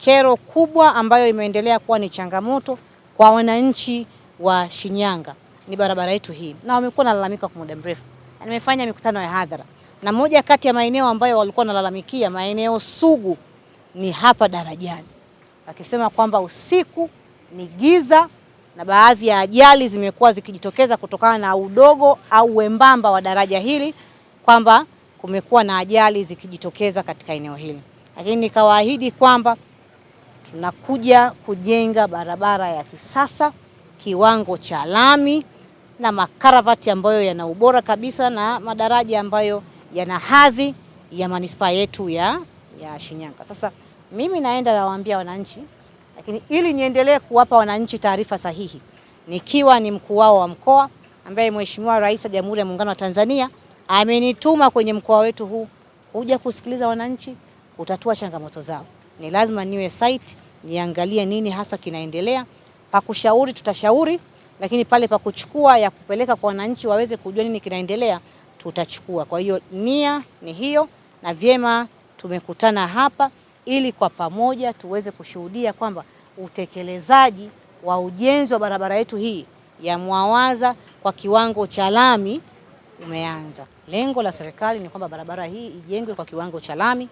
Kero kubwa ambayo imeendelea kuwa ni changamoto kwa wananchi wa Shinyanga ni barabara yetu hii, na wamekuwa nalalamika kwa muda mrefu. Nimefanya mikutano ya hadhara na moja kati ya maeneo ambayo walikuwa wanalalamikia maeneo sugu ni hapa darajani, wakisema kwamba usiku ni giza na baadhi ya ajali zimekuwa zikijitokeza kutokana na udogo au wembamba wa daraja hili, kwamba kumekuwa na ajali zikijitokeza katika eneo hili, lakini nikawaahidi kwamba tunakuja kujenga barabara ya kisasa kiwango cha lami na makaravati ambayo yana ubora kabisa na madaraja ambayo yana hadhi ya manispaa yetu ya, ya Shinyanga. Sasa mimi naenda nawaambia wananchi, lakini ili niendelee kuwapa wananchi taarifa sahihi nikiwa ni mkuu wao wa mkoa ambaye Mheshimiwa Rais wa Jamhuri ya Muungano wa Tanzania amenituma kwenye mkoa wetu huu kuja kusikiliza wananchi, kutatua changamoto zao ni lazima niwe site niangalie nini hasa kinaendelea. Pa kushauri tutashauri, lakini pale pa kuchukua ya kupeleka kwa wananchi waweze kujua nini kinaendelea tutachukua. Kwa hiyo nia ni hiyo, na vyema tumekutana hapa ili kwa pamoja tuweze kushuhudia kwamba utekelezaji wa ujenzi wa barabara yetu hii ya Mwawaza kwa kiwango cha lami umeanza. Lengo la serikali ni kwamba barabara hii ijengwe kwa kiwango cha lami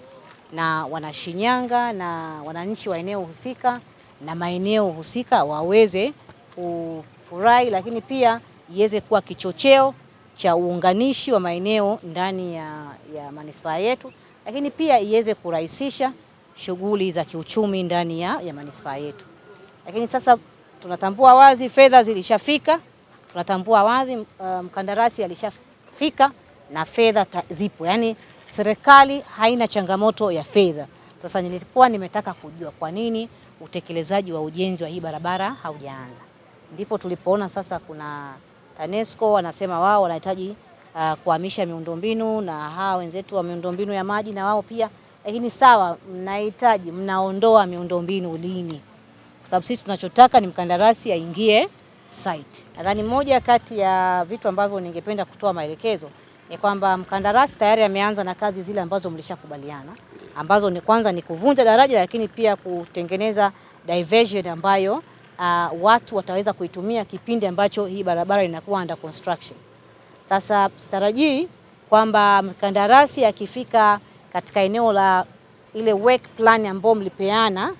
na Wanashinyanga na wananchi wa eneo husika na maeneo husika waweze kufurahi, lakini pia iweze kuwa kichocheo cha uunganishi wa maeneo ndani ya, ya manispaa yetu, lakini pia iweze kurahisisha shughuli za kiuchumi ndani ya, ya manispaa yetu. Lakini sasa tunatambua wazi fedha zilishafika, tunatambua wazi uh, mkandarasi alishafika na fedha zipo, yani serikali haina changamoto ya fedha. Sasa nilikuwa nimetaka kujua kwa nini utekelezaji wa ujenzi wa hii barabara haujaanza, ndipo tulipoona sasa kuna TANESCO wanasema wao wanahitaji uh, kuhamisha miundombinu na hawa wenzetu wa miundombinu ya maji na wao pia, lakini sawa, mnahitaji mnaondoa miundombinu lini? Kwa sababu sisi tunachotaka ni mkandarasi aingie site. Nadhani moja kati ya vitu ambavyo ningependa kutoa maelekezo ni kwamba mkandarasi tayari ameanza na kazi zile ambazo mlishakubaliana, ambazo ni kwanza ni kuvunja daraja, lakini pia kutengeneza diversion ambayo uh, watu wataweza kuitumia kipindi ambacho hii barabara inakuwa under construction. Sasa sitarajii kwamba mkandarasi akifika katika eneo la ile work plan ambao mlipeana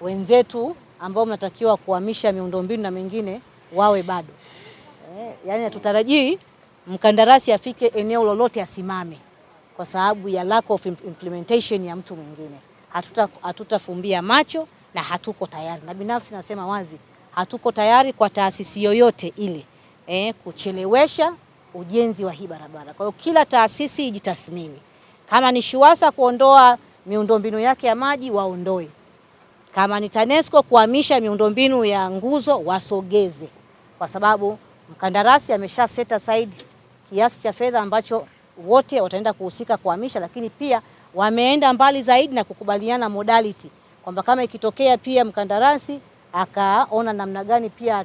wenzetu ambao mnatakiwa kuhamisha miundombinu na mengine wawe bado eh, yani hatutarajii mkandarasi afike eneo lolote asimame kwa sababu ya lack of implementation ya mtu mwingine. Hatuta hatutafumbia macho na hatuko tayari, na binafsi nasema wazi, hatuko tayari kwa taasisi yoyote ile eh, kuchelewesha ujenzi wa hii barabara. Kwa hiyo kila taasisi ijitathmini, kama ni SHUWASA kuondoa miundombinu yake ya maji waondoe, kama ni TANESCO kuhamisha miundombinu ya nguzo wasogeze, kwa sababu mkandarasi amesha set aside kiasi cha fedha ambacho wote wataenda kuhusika kuhamisha, lakini pia wameenda mbali zaidi na kukubaliana modality kwamba kama ikitokea pia mkandarasi akaona namna gani pia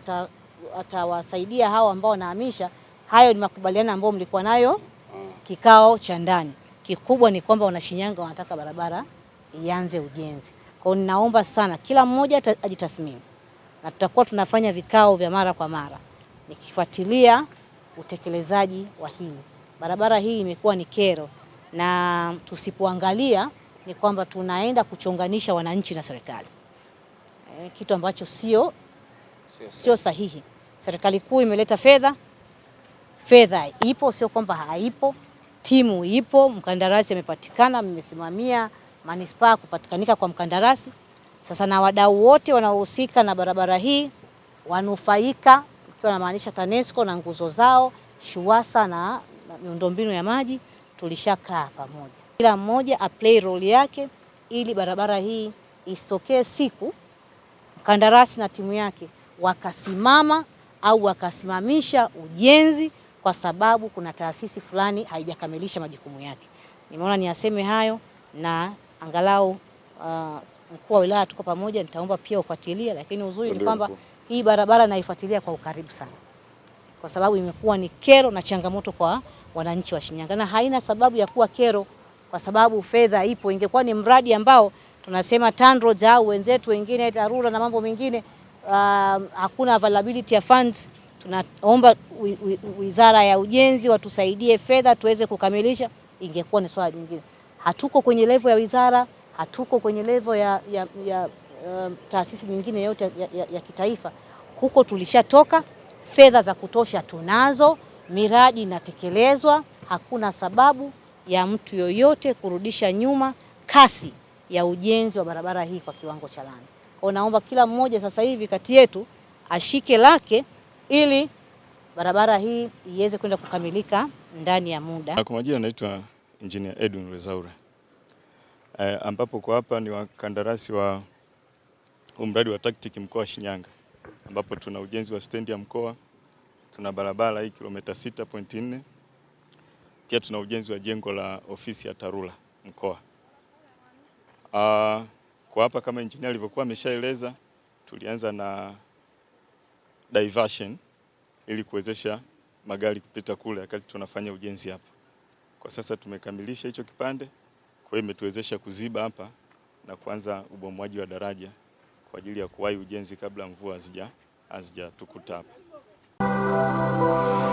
atawasaidia ata hao ambao wanahamisha. Hayo ni makubaliano ambayo mlikuwa nayo kikao cha ndani. Kikubwa ni kwamba wanashinyanga wanataka barabara ianze ujenzi. Kwa hiyo ninaomba sana kila mmoja ajitathmini, na tutakuwa tunafanya vikao vya mara kwa mara nikifuatilia utekelezaji wa hili. Barabara hii imekuwa ni kero, na tusipoangalia ni kwamba tunaenda kuchonganisha wananchi na serikali, e, kitu ambacho sio sio sahihi. Serikali kuu imeleta fedha, fedha ipo, sio kwamba haipo. Timu ipo, mkandarasi amepatikana, mmesimamia manispaa kupatikanika kwa mkandarasi. Sasa na wadau wote wanaohusika na barabara hii wanufaika ikiwa namaanisha TANESCO na nguzo zao, SHUWASA na miundombinu ya maji. Tulishakaa pamoja, kila mmoja aplay role yake ili barabara hii isitokee siku mkandarasi na timu yake wakasimama au wakasimamisha ujenzi kwa sababu kuna taasisi fulani haijakamilisha majukumu yake. Nimeona niyaseme hayo na angalau uh, mkuu wa wilaya tuko pamoja, nitaomba pia ufuatilie, lakini uzuri ni kwamba hii barabara naifuatilia kwa ukaribu sana, kwa sababu imekuwa ni kero na changamoto kwa wananchi wa Shinyanga, na haina sababu ya kuwa kero, kwa sababu fedha ipo. Ingekuwa ni mradi ambao tunasema TANROADS au wenzetu wengine TARURA na mambo mengine, uh, hakuna availability ya funds, tunaomba wizara ya ujenzi watusaidie fedha tuweze kukamilisha, ingekuwa ni swala jingine. Hatuko kwenye level ya wizara, hatuko kwenye level ya, ya, ya um, taasisi nyingine yote ya, ya, ya kitaifa. Huko tulishatoka, fedha za kutosha tunazo, miradi inatekelezwa. Hakuna sababu ya mtu yoyote kurudisha nyuma kasi ya ujenzi wa barabara hii kwa kiwango cha lami. Kwa naomba kila mmoja sasa hivi kati yetu ashike lake ili barabara hii iweze kwenda kukamilika ndani ya muda. Kwa majina naitwa Engineer Edwin Rezaura, E, eh, ambapo kwa hapa ni wakandarasi wa huu mradi wa TACTIC mkoa wa Shinyanga ambapo tuna ujenzi wa stendi ya mkoa, tuna barabara hii kilomita 6.4, pia tuna ujenzi wa jengo la ofisi ya TARURA mkoa. Uh, kwa hapa kama engineer alivyokuwa ameshaeleza, tulianza na diversion ili kuwezesha magari kupita kule wakati tunafanya ujenzi hapa. Kwa sasa tumekamilisha hicho kipande, kwa hiyo imetuwezesha kuziba hapa na kuanza ubomwaji wa daraja kwa ajili ya kuwahi ujenzi kabla mvua hazijatukuta hapa.